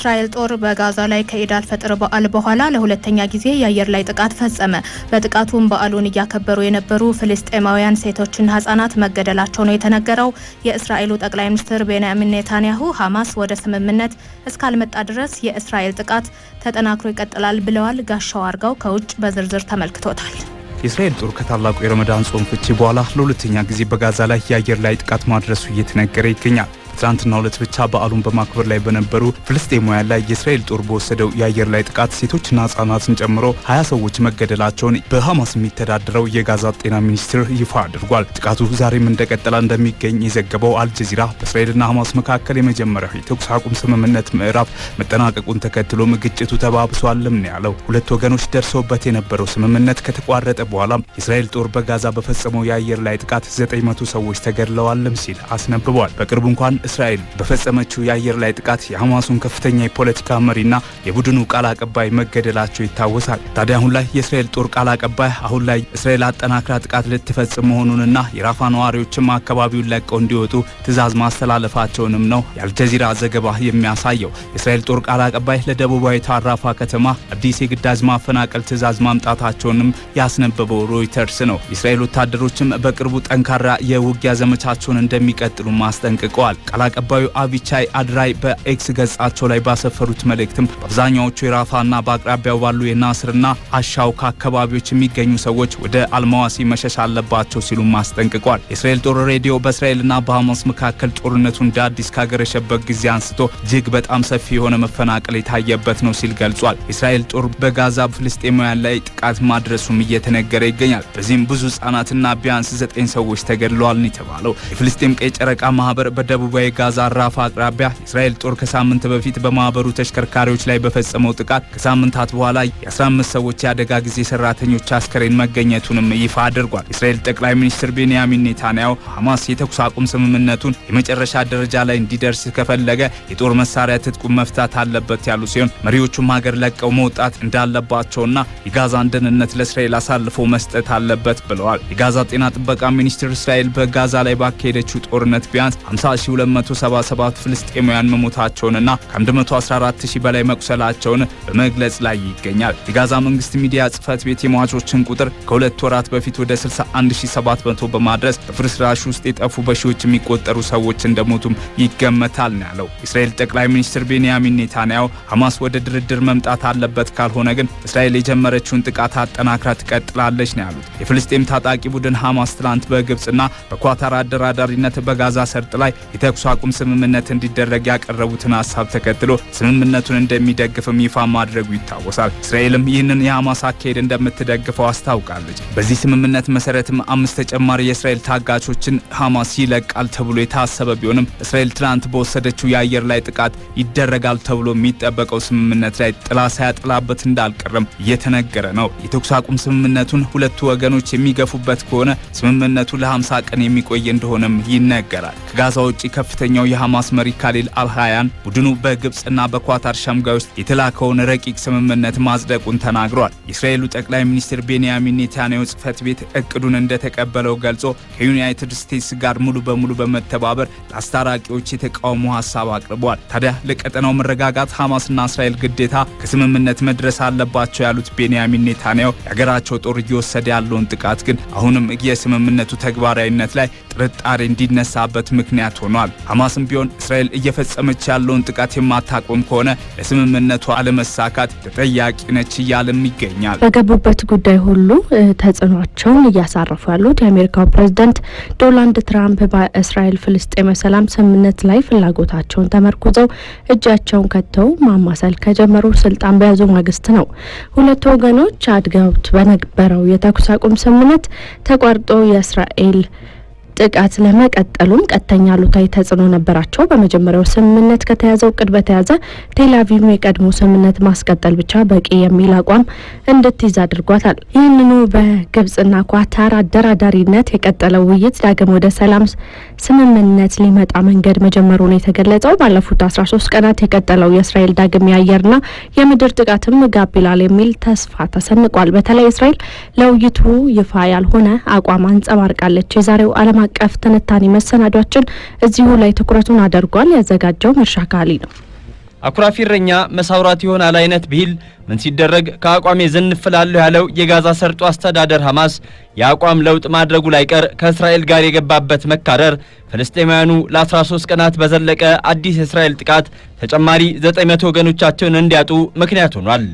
የእስራኤል ጦር በጋዛ ላይ ከኢድ አልፈጥር በዓል በኋላ ለሁለተኛ ጊዜ የአየር ላይ ጥቃት ፈጸመ። በጥቃቱም በዓሉን እያከበሩ የነበሩ ፍልስጤማውያን ሴቶችና ህጻናት መገደላቸው ነው የተነገረው። የእስራኤሉ ጠቅላይ ሚኒስትር ቤንያሚን ኔታንያሁ ሐማስ ወደ ስምምነት እስካልመጣ ድረስ የእስራኤል ጥቃት ተጠናክሮ ይቀጥላል ብለዋል። ጋሻው አርጋው ከውጭ በዝርዝር ተመልክቶታል። የእስራኤል ጦር ከታላቁ የረመዳን ጾም ፍቺ በኋላ ለሁለተኛ ጊዜ በጋዛ ላይ የአየር ላይ ጥቃት ማድረሱ እየተነገረ ይገኛል። ትናንትናው ዕለት ብቻ በዓሉን በማክበር ላይ በነበሩ ፍልስጤማውያን ላይ የእስራኤል ጦር በወሰደው የአየር ላይ ጥቃት ሴቶችና ህጻናትን ጨምሮ ሀያ ሰዎች መገደላቸውን በሐማስ የሚተዳደረው የጋዛ ጤና ሚኒስቴር ይፋ አድርጓል። ጥቃቱ ዛሬም እንደቀጠለ እንደሚገኝ የዘገበው አልጀዚራ በእስራኤልና ሐማስ መካከል የመጀመሪያው የተኩስ አቁም ስምምነት ምዕራፍ መጠናቀቁን ተከትሎም ግጭቱ ተባብሷልም ነው ያለው። ሁለት ወገኖች ደርሰውበት የነበረው ስምምነት ከተቋረጠ በኋላ የእስራኤል ጦር በጋዛ በፈጸመው የአየር ላይ ጥቃት ዘጠኝ መቶ ሰዎች ተገድለዋልም ሲል አስነብቧል። በቅርቡ እንኳን እስራኤል በፈጸመችው የአየር ላይ ጥቃት የሐማሱን ከፍተኛ የፖለቲካ መሪና የቡድኑ ቃል አቀባይ መገደላቸው ይታወሳል። ታዲያ አሁን ላይ የእስራኤል ጦር ቃል አቀባይ አሁን ላይ እስራኤል አጠናክራ ጥቃት ልትፈጽም መሆኑንና የራፋ ነዋሪዎችም አካባቢውን ለቀው እንዲወጡ ትዕዛዝ ማስተላለፋቸውንም ነው የአልጀዚራ ዘገባ የሚያሳየው። የእስራኤል ጦር ቃል አቀባይ ለደቡባዊቷ ራፋ ከተማ አዲስ የግዳጅ ማፈናቀል ትዕዛዝ ማምጣታቸውንም ያስነበበው ሮይተርስ ነው። የእስራኤል ወታደሮችም በቅርቡ ጠንካራ የውጊያ ዘመቻቸውን እንደሚቀጥሉ ማስጠንቅቀዋል። ቃል አቀባዩ አቪቻይ አድራይ በኤክስ ገጻቸው ላይ ባሰፈሩት መልእክትም በአብዛኛዎቹ የራፋና በአቅራቢያው ባሉ የናስርና አሻውካ አካባቢዎች የሚገኙ ሰዎች ወደ አልማዋሲ መሸሽ አለባቸው ሲሉም አስጠንቅቋል። የእስራኤል ጦር ሬዲዮ በእስራኤልና በሐማስ መካከል ጦርነቱ እንደ አዲስ ካገረሸበት ጊዜ አንስቶ እጅግ በጣም ሰፊ የሆነ መፈናቀል የታየበት ነው ሲል ገልጿል። የእስራኤል ጦር በጋዛ ፍልስጤማውያን ላይ ጥቃት ማድረሱም እየተነገረ ይገኛል። በዚህም ብዙ ህጻናትና ቢያንስ ዘጠኝ ሰዎች ተገድለዋል ነው የተባለው። የፍልስጤም ቀይ ጨረቃ ማህበር በደቡብ ጋዛ ራፋ አቅራቢያ የእስራኤል ጦር ከሳምንት በፊት በማህበሩ ተሽከርካሪዎች ላይ በፈጸመው ጥቃት ከሳምንታት በኋላ የ15 ሰዎች የአደጋ ጊዜ ሰራተኞች አስከሬን መገኘቱንም ይፋ አድርጓል። የእስራኤል ጠቅላይ ሚኒስትር ቤንያሚን ኔታንያሁ ሐማስ የተኩስ አቁም ስምምነቱን የመጨረሻ ደረጃ ላይ እንዲደርስ ከፈለገ የጦር መሳሪያ ትጥቁን መፍታት አለበት ያሉ ሲሆን መሪዎቹም ሀገር ለቀው መውጣት እንዳለባቸውና የጋዛን ደህንነት ለእስራኤል አሳልፎ መስጠት አለበት ብለዋል። የጋዛ ጤና ጥበቃ ሚኒስትር እስራኤል በጋዛ ላይ ባካሄደችው ጦርነት ቢያንስ 52 277 ፍልስጤማውያን መሞታቸውንና ከ 114000 በላይ መቁሰላቸውን በመግለጽ ላይ ይገኛል። የጋዛ መንግስት ሚዲያ ጽህፈት ቤት የሟቾችን ቁጥር ከሁለት ወራት በፊት ወደ 61700 በማድረስ በፍርስራሽ ውስጥ የጠፉ በሺዎች የሚቆጠሩ ሰዎች እንደሞቱም ይገመታል ነው ያለው። የእስራኤል ጠቅላይ ሚኒስትር ቤንያሚን ኔታንያሁ ሐማስ ወደ ድርድር መምጣት አለበት፣ ካልሆነ ግን እስራኤል የጀመረችውን ጥቃት አጠናክራ ትቀጥላለች ነው ያሉት። የፍልስጤም ታጣቂ ቡድን ሐማስ ትላንት በግብፅና በኳታር አደራዳሪነት በጋዛ ሰርጥ ላይ የተኩስ የተኩስ አቁም ስምምነት እንዲደረግ ያቀረቡትን ሀሳብ ተከትሎ ስምምነቱን እንደሚደግፍም ይፋ ማድረጉ ይታወሳል። እስራኤልም ይህንን የሐማስ አካሄድ እንደምትደግፈው አስታውቃለች። በዚህ ስምምነት መሰረትም አምስት ተጨማሪ የእስራኤል ታጋቾችን ሐማስ ይለቃል ተብሎ የታሰበ ቢሆንም እስራኤል ትናንት በወሰደችው የአየር ላይ ጥቃት ይደረጋል ተብሎ የሚጠበቀው ስምምነት ላይ ጥላ ሳያጥላበት እንዳልቀረም እየተነገረ ነው። የተኩስ አቁም ስምምነቱን ሁለቱ ወገኖች የሚገፉበት ከሆነ ስምምነቱ ለ50 ቀን የሚቆይ እንደሆነም ይነገራል። ከጋዛ ውጭ ከፍ ከፍተኛው የሐማስ መሪ ካሊል አልሃያን ቡድኑ በግብፅና በኳታር ሸምጋዮች የተላከውን ረቂቅ ስምምነት ማጽደቁን ተናግሯል። የእስራኤሉ ጠቅላይ ሚኒስትር ቤንያሚን ኔታንያሁ ጽህፈት ቤት እቅዱን እንደተቀበለው ገልጾ ከዩናይትድ ስቴትስ ጋር ሙሉ በሙሉ በመተባበር ለአስታራቂዎች የተቃውሞ ሀሳብ አቅርቧል። ታዲያ ለቀጠናው መረጋጋት ሐማስና እስራኤል ግዴታ ከስምምነት መድረስ አለባቸው ያሉት ቤንያሚን ኔታንያሁ የሀገራቸው ጦር እየወሰደ ያለውን ጥቃት ግን አሁንም የስምምነቱ ተግባራዊነት ላይ ጥርጣሬ እንዲነሳበት ምክንያት ሆኗል። ሐማስም ቢሆን እስራኤል እየፈጸመች ያለውን ጥቃት የማታቆም ከሆነ ለስምምነቱ አለመሳካት ተጠያቂ ነች እያለም ይገኛል። በገቡበት ጉዳይ ሁሉ ተጽዕኖቸውን እያሳረፉ ያሉት የአሜሪካው ፕሬዝዳንት ዶናልድ ትራምፕ በእስራኤል ፍልስጤም ሰላም ስምምነት ላይ ፍላጎታቸውን ተመርኩዘው እጃቸውን ከተው ማማሰል ከጀመሩ ስልጣን በያዙ ማግስት ነው። ሁለቱ ወገኖች አድገውት በነበረው የተኩስ አቁም ስምምነት ተቋርጦ የእስራኤል ጥቃት ለመቀጠሉም ቀጥተኛ አሉታዊ ተጽዕኖ ነበራቸው። በመጀመሪያው ስምምነት ከተያዘው እቅድ በተያዘ ቴልአቪቭ የቀድሞ ስምምነት ማስቀጠል ብቻ በቂ የሚል አቋም እንድትይዝ አድርጓታል። ይህንኑ በግብጽና ኳታር አደራዳሪነት የቀጠለው ውይይት ዳግም ወደ ሰላም ስምምነት ሊመጣ መንገድ መጀመሩ ነው የተገለጸው። ባለፉት አስራ ሶስት ቀናት የቀጠለው የእስራኤል ዳግም የአየርና የምድር ጥቃትም ምጋብ ይላል የሚል ተስፋ ተሰንቋል። በተለይ እስራኤል ለውይይቱ ይፋ ያልሆነ አቋም አንጸባርቃለች። የዛሬው አለም አቀፍ ትንታኔ መሰናዷችን እዚሁ ላይ ትኩረቱን አድርጓል። ያዘጋጀው መርሻ ካሊ ነው። አኩራፊ እረኛ መሳውራት ይሆናል አይነት ብሂል ምን ሲደረግ ከአቋሜ ዝንፍ እላለሁ ያለው የጋዛ ሰርጦ አስተዳደር ሐማስ የአቋም ለውጥ ማድረጉ ላይቀር ከእስራኤል ጋር የገባበት መካረር ፍልስጤማውያኑ ለ13 ቀናት በዘለቀ አዲስ የእስራኤል ጥቃት ተጨማሪ 900 ወገኖቻቸውን እንዲያጡ ምክንያት ሆኗል።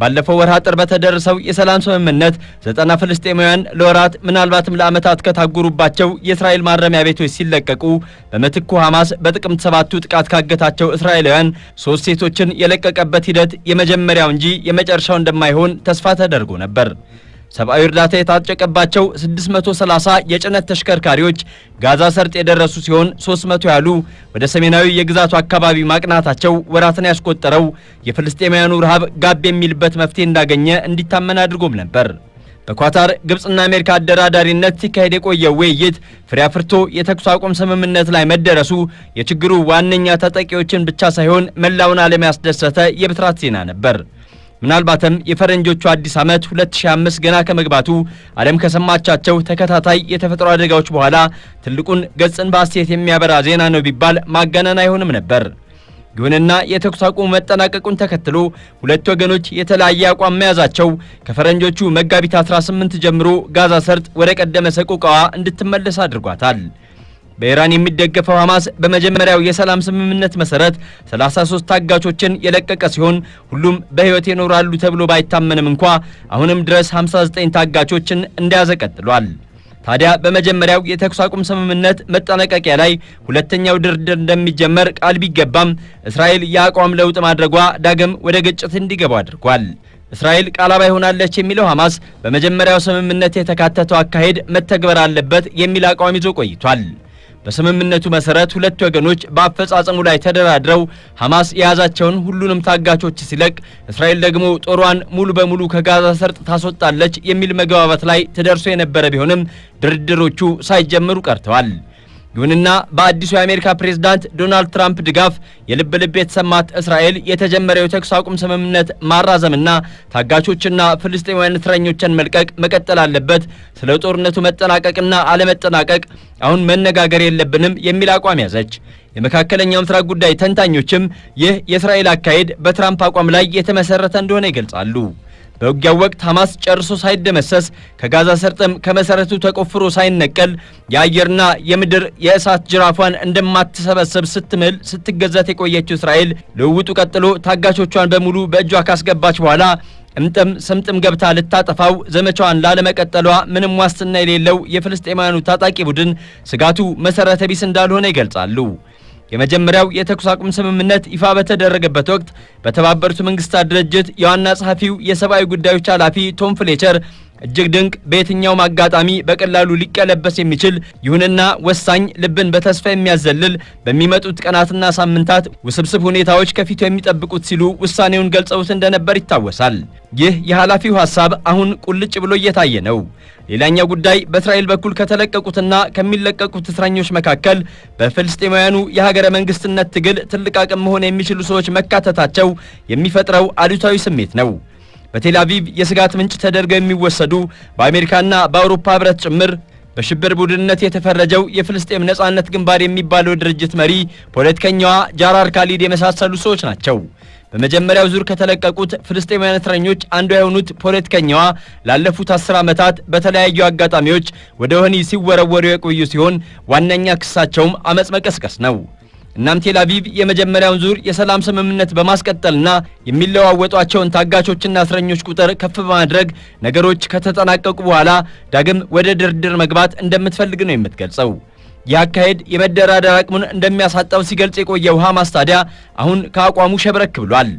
ባለፈው ወርሃ ጥር በተደረሰው የሰላም ስምምነት ዘጠና ፍልስጤማውያን ለወራት ምናልባትም ለዓመታት ከታጉሩባቸው የእስራኤል ማረሚያ ቤቶች ሲለቀቁ በምትኩ ሐማስ በጥቅምት ሰባቱ ጥቃት ካገታቸው እስራኤላውያን ሶስት ሴቶችን የለቀቀበት ሂደት የመጀመሪያው እንጂ የመጨረሻው እንደማይሆን ተስፋ ተደርጎ ነበር። ሰብአዊ እርዳታ የታጨቀባቸው 630 የጭነት ተሽከርካሪዎች ጋዛ ሰርጥ የደረሱ ሲሆን 300 ያሉ ወደ ሰሜናዊ የግዛቱ አካባቢ ማቅናታቸው ወራትን ያስቆጠረው የፍልስጤማውያኑ ረሃብ ጋብ የሚልበት መፍትሄ እንዳገኘ እንዲታመን አድርጎም ነበር። በኳታር ግብፅና አሜሪካ አደራዳሪነት ሲካሄድ የቆየው ውይይት ፍሬ አፍርቶ የተኩስ አቁም ስምምነት ላይ መደረሱ የችግሩ ዋነኛ ተጠቂዎችን ብቻ ሳይሆን መላውን ዓለም ያስደሰተ የብትራት ዜና ነበር። ምናልባትም የፈረንጆቹ አዲስ ዓመት 2005 ገና ከመግባቱ ዓለም ከሰማቻቸው ተከታታይ የተፈጥሮ አደጋዎች በኋላ ትልቁን ገጽን በአስተያየት የሚያበራ ዜና ነው ቢባል ማጋነን አይሆንም ነበር። ይሁንና የተኩስ አቁሙ መጠናቀቁን ተከትሎ ሁለት ወገኖች የተለያየ አቋም መያዛቸው ከፈረንጆቹ መጋቢት 18 ጀምሮ ጋዛ ሰርጥ ወደ ቀደመ ሰቆቃዋ እንድትመለስ አድርጓታል። በኢራን የሚደገፈው ሐማስ በመጀመሪያው የሰላም ስምምነት መሰረት 33 ታጋቾችን የለቀቀ ሲሆን ሁሉም በሕይወት ይኖራሉ ተብሎ ባይታመንም እንኳ አሁንም ድረስ 59 ታጋቾችን እንደያዘ ቀጥሏል። ታዲያ በመጀመሪያው የተኩስ አቁም ስምምነት መጠናቀቂያ ላይ ሁለተኛው ድርድር እንደሚጀመር ቃል ቢገባም እስራኤል የአቋም ለውጥ ማድረጓ ዳግም ወደ ግጭት እንዲገባ አድርጓል። እስራኤል ቃል አባይ ሆናለች የሚለው ሐማስ በመጀመሪያው ስምምነት የተካተተው አካሄድ መተግበር አለበት የሚል አቋም ይዞ ቆይቷል። በስምምነቱ መሰረት ሁለት ወገኖች በአፈጻጸሙ ላይ ተደራድረው ሐማስ የያዛቸውን ሁሉንም ታጋቾች ሲለቅ፣ እስራኤል ደግሞ ጦሯን ሙሉ በሙሉ ከጋዛ ሰርጥ ታስወጣለች የሚል መግባባት ላይ ተደርሶ የነበረ ቢሆንም ድርድሮቹ ሳይጀምሩ ቀርተዋል። ይሁንና በአዲሱ የአሜሪካ ፕሬዝዳንት ዶናልድ ትራምፕ ድጋፍ የልብ ልብ የተሰማት እስራኤል የተጀመረው የተኩስ አቁም ስምምነት ማራዘምና ታጋቾችና ፍልስጤማውያን እስረኞችን መልቀቅ መቀጠል አለበት፣ ስለ ጦርነቱ መጠናቀቅና አለመጠናቀቅ አሁን መነጋገር የለብንም የሚል አቋም ያዘች። የመካከለኛው ምስራቅ ጉዳይ ተንታኞችም ይህ የእስራኤል አካሄድ በትራምፕ አቋም ላይ የተመሰረተ እንደሆነ ይገልጻሉ። በውጊያው ወቅት ሐማስ ጨርሶ ሳይደመሰስ ከጋዛ ሰርጥም ከመሰረቱ ተቆፍሮ ሳይነቀል የአየርና የምድር የእሳት ጅራፏን እንደማትሰበሰብ ስትምል ስትገዛት የቆየችው እስራኤል ልውውጡ ቀጥሎ ታጋቾቿን በሙሉ በእጇ ካስገባች በኋላ እምጥም ስምጥም ገብታ ልታጠፋው ዘመቻዋን ላለመቀጠሏ ምንም ዋስትና የሌለው የፍልስጤማውያኑ ታጣቂ ቡድን ስጋቱ መሰረተ ቢስ እንዳልሆነ ይገልጻሉ። የመጀመሪያው የተኩስ አቁም ስምምነት ይፋ በተደረገበት ወቅት በተባበሩት መንግስታት ድርጅት የዋና ጸሐፊው የሰብአዊ ጉዳዮች ኃላፊ ቶም ፍሌቸር እጅግ ድንቅ፣ በየትኛውም አጋጣሚ በቀላሉ ሊቀለበስ የሚችል ይሁንና ወሳኝ፣ ልብን በተስፋ የሚያዘልል በሚመጡት ቀናትና ሳምንታት ውስብስብ ሁኔታዎች ከፊቱ የሚጠብቁት ሲሉ ውሳኔውን ገልጸውት እንደነበር ይታወሳል። ይህ የኃላፊው ሐሳብ አሁን ቁልጭ ብሎ እየታየ ነው። ሌላኛው ጉዳይ በእስራኤል በኩል ከተለቀቁትና ከሚለቀቁት እስረኞች መካከል በፍልስጤማውያኑ የሀገረ መንግስትነት ትግል ትልቅ አቅም መሆን የሚችሉ ሰዎች መካተታቸው የሚፈጥረው አሉታዊ ስሜት ነው። በቴል የስጋት ምንጭ ተደርገው የሚወሰዱ በአሜሪካና በአውሮፓ ህብረት ጭምር በሽብር ቡድንነት የተፈረጀው የፍልስጤም ነጻነት ግንባር የሚባለው ድርጅት መሪ ፖለቲከኛዋ ጃራር ካሊድ የመሳሰሉ ሰዎች ናቸው። በመጀመሪያው ዙር ከተለቀቁት ፍልስጤማውያን እስረኞች አንዷ የሆኑት ፖለቲከኛዋ ላለፉት አስር ዓመታት በተለያዩ አጋጣሚዎች ወደ ወህኒ ሲወረወሩ የቆዩ ሲሆን ዋነኛ ክሳቸውም አመፅ መቀስቀስ ነው። እናም ቴል የመጀመሪያውን ዙር የሰላም ስምምነት በማስቀጠልና የሚለዋወጧቸውን ታጋቾችና እስረኞች ቁጥር ከፍ በማድረግ ነገሮች ከተጠናቀቁ በኋላ ዳግም ወደ ድርድር መግባት እንደምትፈልግ ነው የምትገልጸው። ይህ አካሄድ የመደራደር አቅሙን እንደሚያሳጣው ሲገልጽ የቆየው ሐማስ ታዲያ አሁን ከአቋሙ ሸብረክ ብሏል።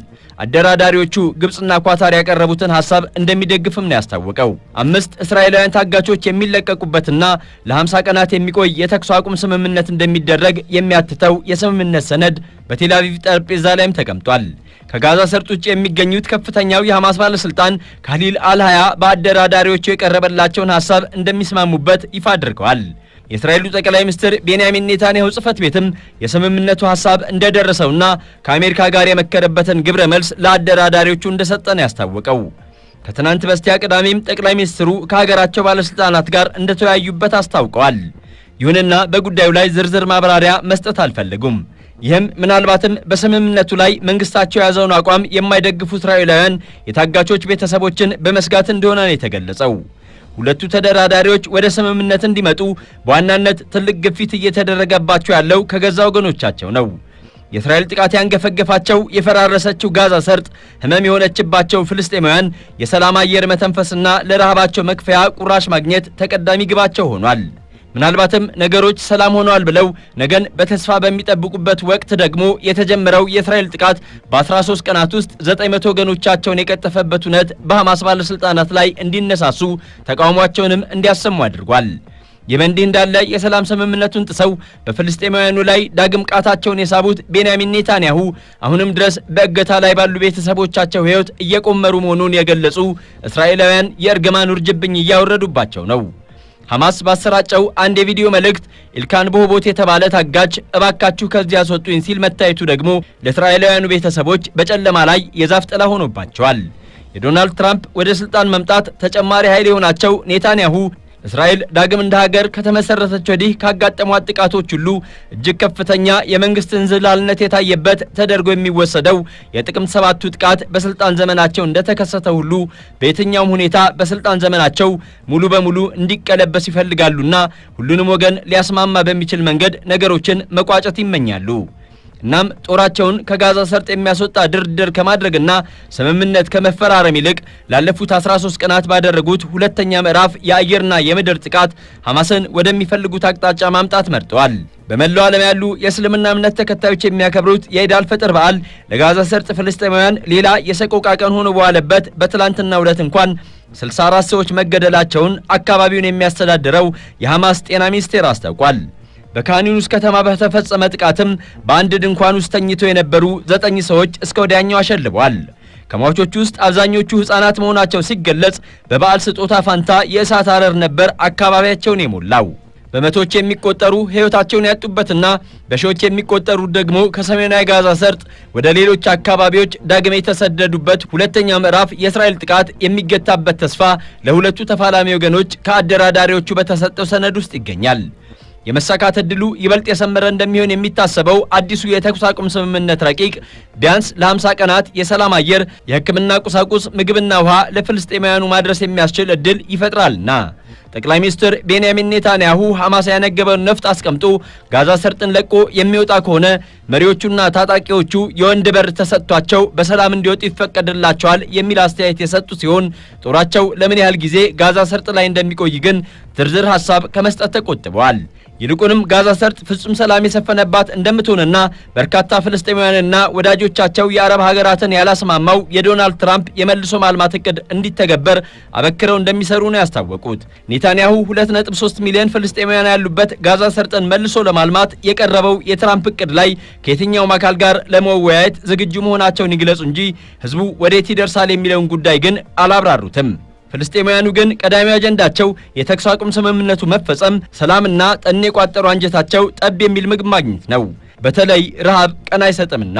አደራዳሪዎቹ ግብፅና ኳታር ያቀረቡትን ሀሳብ እንደሚደግፍም ነው ያስታወቀው። አምስት እስራኤላውያን ታጋቾች የሚለቀቁበትና ለ50 ቀናት የሚቆይ የተኩስ አቁም ስምምነት እንደሚደረግ የሚያትተው የስምምነት ሰነድ በቴላቪቭ ጠረጴዛ ላይም ተቀምጧል። ከጋዛ ሰርጥ ውጭ የሚገኙት ከፍተኛው የሐማስ ባለስልጣን ካሊል አልሃያ በአደራዳሪዎቹ የቀረበላቸውን ሀሳብ እንደሚስማሙበት ይፋ አድርገዋል። የእስራኤሉ ጠቅላይ ሚኒስትር ቤንያሚን ኔታንያሁ ጽህፈት ቤትም የስምምነቱ ሀሳብ እንደደረሰውና ከአሜሪካ ጋር የመከረበትን ግብረ መልስ ለአደራዳሪዎቹ እንደሰጠን ያስታወቀው። ከትናንት በስቲያ ቅዳሜም ጠቅላይ ሚኒስትሩ ከሀገራቸው ባለሥልጣናት ጋር እንደተወያዩበት አስታውቀዋል። ይሁንና በጉዳዩ ላይ ዝርዝር ማብራሪያ መስጠት አልፈለጉም። ይህም ምናልባትም በስምምነቱ ላይ መንግስታቸው የያዘውን አቋም የማይደግፉ እስራኤላውያን የታጋቾች ቤተሰቦችን በመስጋት እንደሆነ ነው የተገለጸው። ሁለቱ ተደራዳሪዎች ወደ ስምምነት እንዲመጡ በዋናነት ትልቅ ግፊት እየተደረገባቸው ያለው ከገዛ ወገኖቻቸው ነው። የእስራኤል ጥቃት ያንገፈገፋቸው የፈራረሰችው ጋዛ ሰርጥ ህመም የሆነችባቸው ፍልስጤማውያን የሰላም አየር መተንፈስና ለረሃባቸው መክፈያ ቁራሽ ማግኘት ተቀዳሚ ግባቸው ሆኗል። ምናልባትም ነገሮች ሰላም ሆነዋል ብለው ነገን በተስፋ በሚጠብቁበት ወቅት ደግሞ የተጀመረው የእስራኤል ጥቃት በ13 ቀናት ውስጥ 900 ወገኖቻቸውን የቀጠፈበት እውነት በሐማስ ባለሥልጣናት ላይ እንዲነሳሱ ተቃውሟቸውንም እንዲያሰሙ አድርጓል። ይህ በእንዲህ እንዳለ የሰላም ስምምነቱን ጥሰው በፍልስጤማውያኑ ላይ ዳግም ቃታቸውን የሳቡት ቤንያሚን ኔታንያሁ አሁንም ድረስ በእገታ ላይ ባሉ ቤተሰቦቻቸው ሕይወት እየቆመሩ መሆኑን የገለጹ እስራኤላውያን የእርግማን ውርጅብኝ እያወረዱባቸው ነው። ሐማስ ባሰራጨው አንድ የቪዲዮ መልእክት ኢልካን ቦሆቦት የተባለ ታጋች እባካችሁ ከዚህ ያስወጡኝ ሲል መታየቱ ደግሞ ለእስራኤላውያኑ ቤተሰቦች በጨለማ ላይ የዛፍ ጥላ ሆኖባቸዋል። የዶናልድ ትራምፕ ወደ ስልጣን መምጣት ተጨማሪ ኃይል የሆናቸው ኔታንያሁ እስራኤል ዳግም እንደ ሀገር ከተመሰረተች ወዲህ ካጋጠሟት ጥቃቶች ሁሉ እጅግ ከፍተኛ የመንግስት እንዝላልነት የታየበት ተደርጎ የሚወሰደው የጥቅምት ሰባቱ ጥቃት በስልጣን ዘመናቸው እንደተከሰተ ሁሉ በየትኛውም ሁኔታ በስልጣን ዘመናቸው ሙሉ በሙሉ እንዲቀለበስ ይፈልጋሉና ሁሉንም ወገን ሊያስማማ በሚችል መንገድ ነገሮችን መቋጨት ይመኛሉ። እናም ጦራቸውን ከጋዛ ሰርጥ የሚያስወጣ ድርድር ከማድረግና ስምምነት ከመፈራረም ይልቅ ላለፉት 13 ቀናት ባደረጉት ሁለተኛ ምዕራፍ የአየርና የምድር ጥቃት ሐማስን ወደሚፈልጉት አቅጣጫ ማምጣት መርጠዋል። በመላው ዓለም ያሉ የእስልምና እምነት ተከታዮች የሚያከብሩት የኢዳል ፈጥር በዓል ለጋዛ ሰርጥ ፍልስጤማውያን ሌላ የሰቆቃ ቀን ሆኖ በዋለበት በትላንትናው ዕለት እንኳን 64 ሰዎች መገደላቸውን አካባቢውን የሚያስተዳድረው የሐማስ ጤና ሚኒስቴር አስታውቋል። በካኒኑስ ከተማ በተፈጸመ ጥቃትም በአንድ ድንኳን ውስጥ ተኝተው የነበሩ ዘጠኝ ሰዎች እስከ ወዲያኛው አሸልበዋል። ከሟቾቹ ውስጥ አብዛኞቹ ሕፃናት መሆናቸው ሲገለጽ፣ በበዓል ስጦታ ፋንታ የእሳት አረር ነበር አካባቢያቸውን የሞላው። በመቶዎች የሚቆጠሩ ሕይወታቸውን ያጡበትና በሺዎች የሚቆጠሩ ደግሞ ከሰሜናዊ ጋዛ ሰርጥ ወደ ሌሎች አካባቢዎች ዳግም የተሰደዱበት ሁለተኛ ምዕራፍ የእስራኤል ጥቃት የሚገታበት ተስፋ ለሁለቱ ተፋላሚ ወገኖች ከአደራዳሪዎቹ በተሰጠው ሰነድ ውስጥ ይገኛል። የመሳካት እድሉ ይበልጥ የሰመረ እንደሚሆን የሚታሰበው አዲሱ የተኩስ አቁም ስምምነት ረቂቅ ቢያንስ ለ50 ቀናት የሰላም አየር፣ የሕክምና ቁሳቁስ፣ ምግብና ውሃ ለፍልስጤማውያኑ ማድረስ የሚያስችል እድል ይፈጥራልና ጠቅላይ ሚኒስትር ቤንያሚን ኔታንያሁ ሐማስ ያነገበውን ነፍጥ አስቀምጦ ጋዛ ሰርጥን ለቆ የሚወጣ ከሆነ መሪዎቹና ታጣቂዎቹ የወንድ በር ተሰጥቷቸው በሰላም እንዲወጡ ይፈቀድላቸዋል የሚል አስተያየት የሰጡ ሲሆን ጦራቸው ለምን ያህል ጊዜ ጋዛ ሰርጥ ላይ እንደሚቆይ ግን ዝርዝር ሀሳብ ከመስጠት ተቆጥበዋል። ይልቁንም ጋዛ ሰርጥ ፍጹም ሰላም የሰፈነባት እንደምትሆንና በርካታ ፍልስጤማውያንና ወዳጆቻቸው የአረብ ሀገራትን ያላስማማው የዶናልድ ትራምፕ የመልሶ ማልማት እቅድ እንዲተገበር አበክረው እንደሚሰሩ ነው ያስታወቁት። ኔታንያሁ 2.3 ሚሊዮን ፍልስጤማውያን ያሉበት ጋዛ ሰርጥን መልሶ ለማልማት የቀረበው የትራምፕ እቅድ ላይ ከየትኛውም አካል ጋር ለመወያየት ዝግጁ መሆናቸውን ይግለጹ እንጂ ህዝቡ ወዴት ይደርሳል የሚለውን ጉዳይ ግን አላብራሩትም። ፍልስጤማውያኑ ግን ቀዳሚ አጀንዳቸው የተኩስ አቁም ስምምነቱ መፈጸም፣ ሰላምና ጠኔ የቋጠሩ አንጀታቸው ጠብ የሚል ምግብ ማግኘት ነው። በተለይ ረሃብ ቀን አይሰጥምና